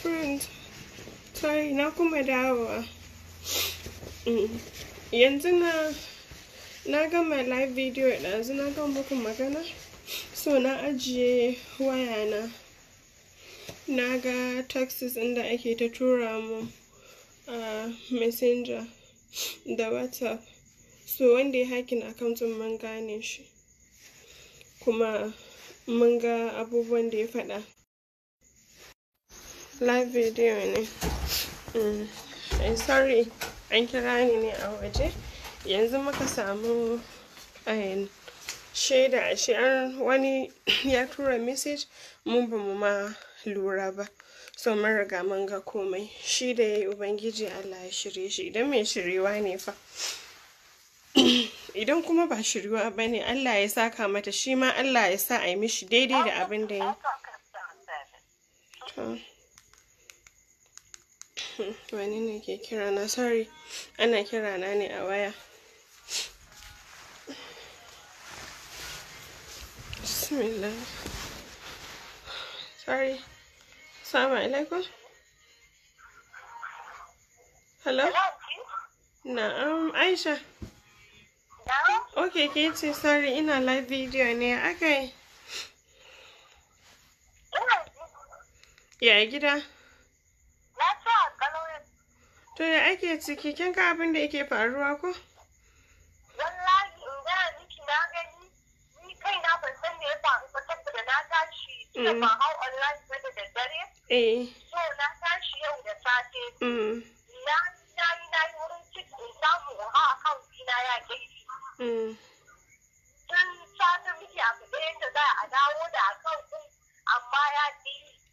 Friends, sorry, na kuma dawowa. Mm. Yanzu na na gama live video yanzu na gama muku magana. So na ajiye wayana. Na ga taxes inda ake ta tura mu a messenger da WhatsApp. So wanda ya hakin akauntin man gane shi. Kuma mun ga abubuwan da ya faɗa live video ne mm. eh, sorry an kira ni ne a waje yanzu muka samu eh, shaida ashe, an wani ya tura message mun ba mu ma lura ba so mun riga mun ga komai shi da ya yi ubangiji allah ya shirye shi idan mai shirewa ne fa idan kuma ba shirwa ba ne Allah ya saka mata shi ma Allah ya sa a yi mishi daidai da abin da ya wani ne ke kira na sorry ana kira na ne a waya bismillah sorry assalamu alaikum hello na'am aisha ok ke ce sorry ina live video ne aka yi ya gida to ya ake ciki kin ka abin da yake faruwa ko wallahi in ga miki na gani ni kai na ban san me ya faru ba saboda na tashi da mm. ba hau online ba da daddare eh so na tashi yau da safe mm.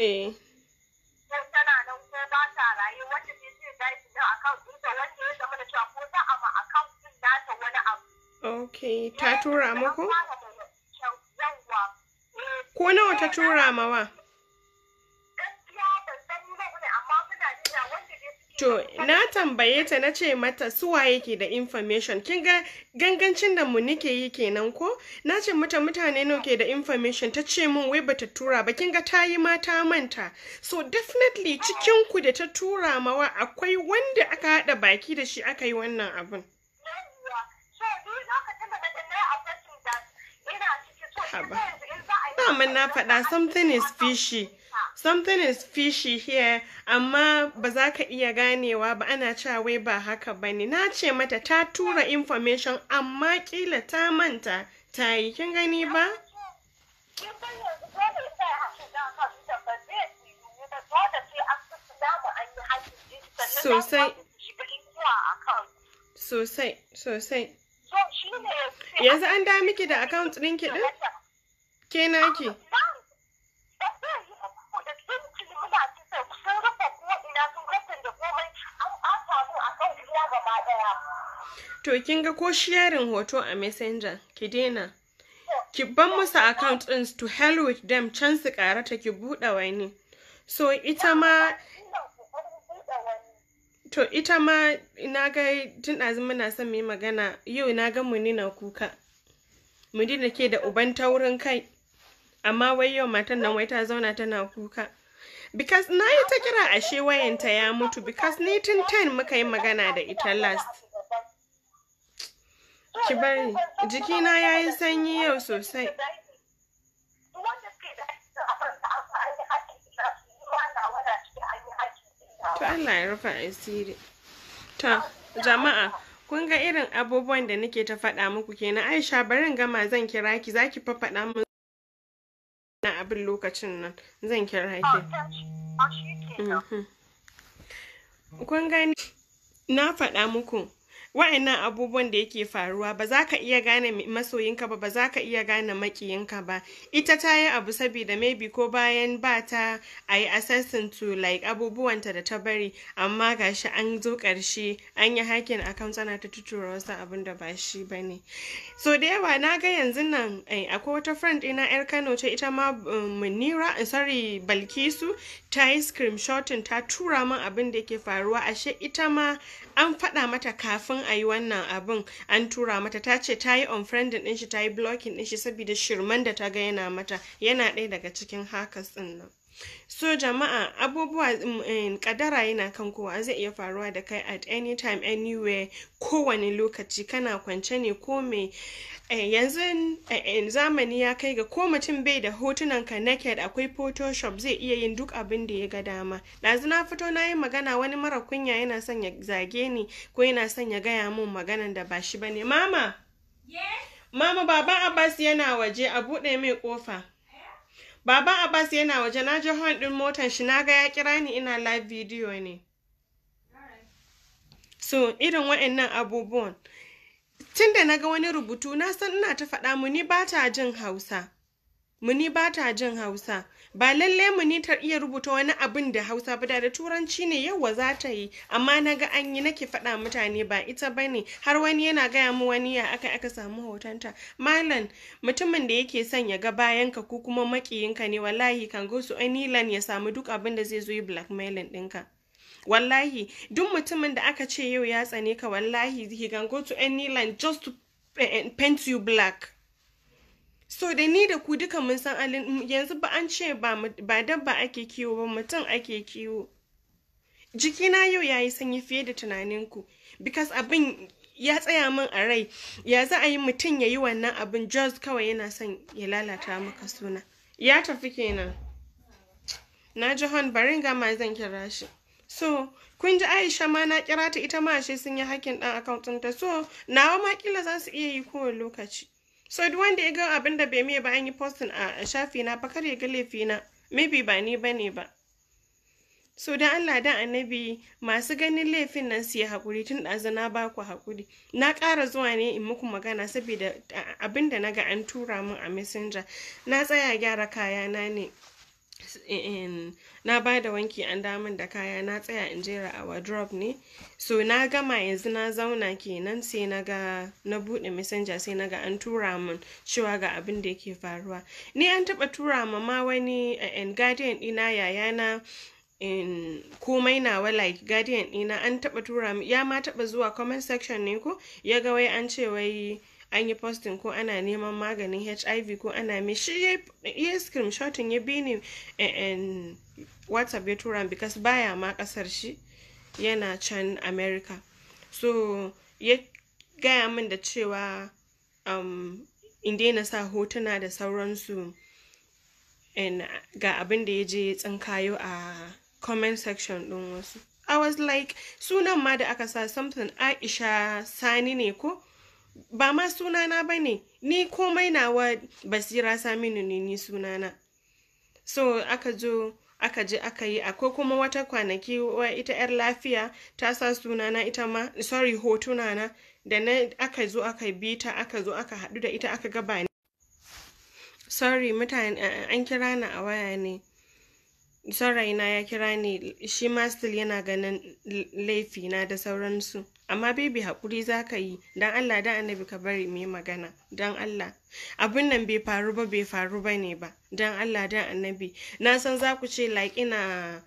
eh tana nan ko ba ta raye wanda ne zai dace da akan dinta wanda ya zama da cewa ko za a ma akan din nata wani abu okay ta tura muku ko nawa ta tura mawa To, na tambaye ta na ce mata suwa yake da information, kin ga gangancin da mu nike yi kenan ko? Na ce mata mutane nawa ke da information ta ce min wai bata tura ba, kin ga ta yi ma manta. So definitely cikin ku da ta tura mawa akwai wanda aka haɗa baki da shi aka yi wannan abin. Haba. Na na faɗa something is fishy. something is fishy here amma ba za ka iya ganewa ba ana cewa wai ba haka ba ne na ce mata ta tura information amma kila ta manta ta yi kin gani ba sosai sosai sosai yanzu an da miki da account ɗinki ɗin ke naki to kin ga ko sharing hoto a messenger ki daina ki ban musu account din to hell with them can su karata ki buɗe wani so ita ma to ita ma na ga tun ɗazu muna son mu yi magana yau na ga munina kuka dina ke da uban taurin kai amma wai yau matan nan wai ta zauna tana kuka because na yi ta kira ashe wayanta ya mutu because ni tun 10 muka yi magana da ita last ki bari jiki na yayi sanyi yau sosai to Allah ya rufa asiri to jama'a kun ga irin abubuwan da nake ta faɗa muku kenan Aisha barin gama zan kira ki zaki fa faɗa mu na abin lokacin nan zan kira ki oh, oh, mhm. kun gani na faɗa muku wa'annan abubuwan da yake faruwa ba za ka iya gane masoyinka ba ba za ka iya gane makiyinka ba ita ta yi abu saboda maybe ko bayan ba ta a yi assessing to like abubuwanta da ta bari amma gashi an zo karshe an yi hakin kan tsana ta tuturo wasu abin da ba shi ba ne so da yawa na ga yanzu nan eh, akwai wata friend ina yar kano ce ita ma um, munira sorry balkisu ta yi screenshotin ta tura min abin da ke faruwa ashe ita ma an faɗa mata kafin a yi wannan abin an tura mata ta ce ta yi unfriending ɗin shi ta yi blocking ɗin shi saboda shirman da ta ga yana mata yana ɗaya daga cikin hakas ɗin nan so jama'a abubuwa mm, eh, kadara yana kan kowa zai iya faruwa da kai at any time anywhere kowane lokaci kana kwance ne ko mai eh, yanzu eh, zamani ya kai ga ko mutum bai da hotunan ka naked akwai photoshop zai iya yin duk abin da ya ga dama ɗazu na fito na yi magana wani mara kunya yana son ya zage ni ko yana son ya gaya mun magana da ba shi ne mama mama baba abbas yana waje a buɗe mai ƙofa Baba Abbas yana waje na ji hon ɗin motan shi na ga ya kira ni ina live video ne. So irin wa'annan abubuwan. Tun da na ga wani rubutu na san ina ta faɗa mu ni ba ta jin Hausa. muni ba ta jin hausa ba lalle muni ta iya rubuta wani abin da hausa ba da turanci ne yawa za ta yi amma na ga an yi nake faɗa mutane ba ita ba ne har wani yana gaya mu wani ya aka aka samu hotonta malam mutumin da yake son ya ga bayanka ko kuma makiyinka ne wallahi kan go su anilan ya samu duk abin da zai zo yi blackmailing ɗinka. wallahi duk mutumin da aka ce yau ya tsane ka wallahi he can go to any just to eh, eh, paint you black so da ni da ku duka mun san alin yanzu ba an ce ba dabba ake kiwo ba mutum ake kiwo jikina yau ya yi sanyi fiye da tunaninku because abin ya tsaya min a rai ya za a yi mutum ya yi wannan abin jos kawai yana son ya lalata maka suna ya tafi kenan na ji hon barin gama zan kira shi so kun ji aisha ma na kira ta ita ma ashe sun yi hakin dan akauntun ta so nawa ma kila za su iya yi kowane lokaci so duk wanda ya ga abin da bai miye ba an yi postin a shafi na ba kar ya ga laifi na maybe ba ni bane ba so dan Allah dan annabi masu ganin laifin nan su yi hakuri tun ɗazu na ba ku hakuri na ƙara zuwa ne in muku magana saboda abin da na ga an tura mun a messenger na tsaya gyara kayana ne na ba da wanki an damun da kaya na tsaya in jera a wardrobe ne so na gama yanzu na zauna kenan sai na ga na bude messenger sai na ga an tura min cewa ga abin da yake faruwa ni an taba tura ma ma wani en eh, eh, guardian dina yayana in komai nawa like guardian dina an taba tura ya ma taɓa zuwa comment section ne ko ya ga wai an ce wai an yi posting ko ana neman maganin hiv ko ana mai shi ya screenshotin ya bi ni eh, eh, whatsapp ya tura because baya ma kasar shi yana can america so ya gaya min da cewa um, in daina sa hotuna da sauransu ga abin da ya je tsinkayo a comment section ɗin wasu i was like sunan ma da aka sa something aisha sani ne ko ba ma sunana ba ne ni komai nawa basira saminu ne ni sunana so aka zo aka je aka yi akwai kuma wata kwanaki wa ita yar lafiya ta sa sunana ita ma sorry hotuna na da na aka zo aka bi ta aka zo aka haɗu da ita aka gaba ne sorry mutane an kira ni a waya ne son raina ya kira ni shi ma yana ganin laifi na da sauransu amma baby hakuri za ka yi don allah da annabi ka bari mai magana don allah abin nan bai faru ba bai faru ba ne ba don allah da annabi na san za ku ce like ina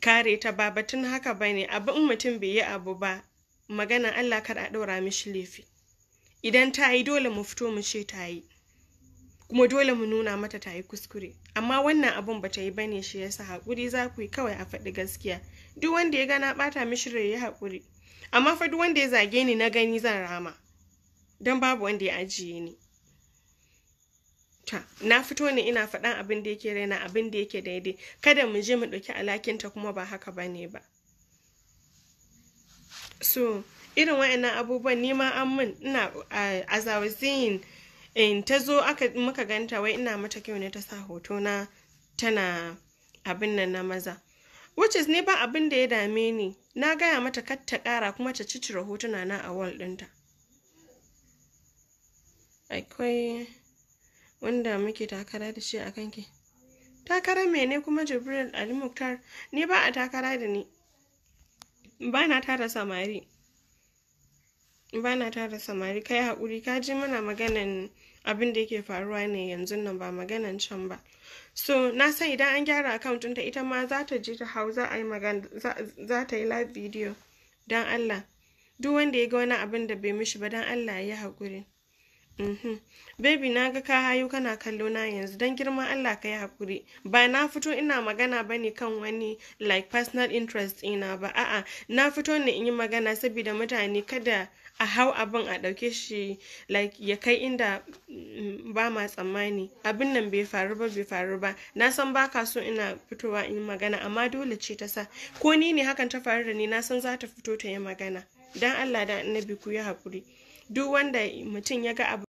kare ta ba batun haka ba ne abin mutum bai yi abu ba magana allah kar a ɗaura mishi laifi idan ta yi dole mu fito mu ce ta yi kuma dole mu nuna mata ta yi kuskure amma wannan abun ba ta yi bane shi ya yasa haƙuri za ku yi kawai a faɗi gaskiya duk wanda ya gana ɓata mishi rai ya haƙuri amma fa duk wanda ya zage ni na gani zan rama don babu wanda ya ajiye ni na fito ne ina faɗan abin da yake raina abin da yake daidai kada mu je mu ɗauki alakinta kuma ba haka ba ne ba so irin wa'annan abubuwan nima an min ina a zawazin in ta zo aka muka ganta wai ina mata kyau ne ta sa hoto na tana abin nan na maza which is ne ba abin da ya dame ni na gaya mata kar ta kara kuma ta cicire hotuna na a wall dinta akwai wanda muke takara da shi a ke. takara me ne kuma jibril ali muktar ni ba a takara da ni ba na tara samari bana na tara samari kai haƙuri ka ji mana maganan abin da yake faruwa ne yanzu nan ba maganan can ba so na san idan an gyara account ta ita ma za ta ji ta hau za a yi magana za ta yi live video don Allah duk wanda ya ga wani abin da bai mishi ba don Allah ya yi haƙuri Mhm. Baby na ga ka hayo kana kallo na yanzu don girman Allah ka yi haƙuri. Ba na fito ina magana ba ne kan wani like personal interest ina ba. A'a, na fito ne in yi magana saboda mutane kada a hau abin a ɗauke shi like ya kai inda mm, ba ma tsammani. Abin nan bai faru ba bai faru ba. Na san ba ka so ina fitowa in yi magana amma dole ce ta sa. Ko ni ne hakan ta faru da ni na san za ta fito ta yi magana. dan Allah da annabi ku yi haƙuri. duk wanda mutum ya ga abu